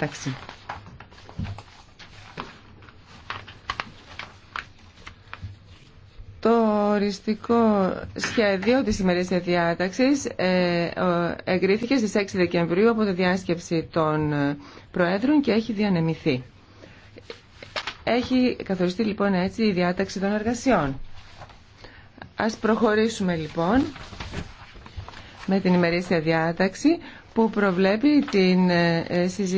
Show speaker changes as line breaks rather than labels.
Εντάξει. Το οριστικό σχέδιο της ημερήσιας διάταξης ε, εγκρίθηκε στις 6 Δεκεμβρίου από τη διάσκεψη των ε, Προέδρων και έχει διανεμηθεί. Έχει καθοριστεί λοιπόν έτσι η διάταξη των εργασιών. Ας προχωρήσουμε λοιπόν με την ημερήσια διάταξη που προβλέπει την ε, συζήτηση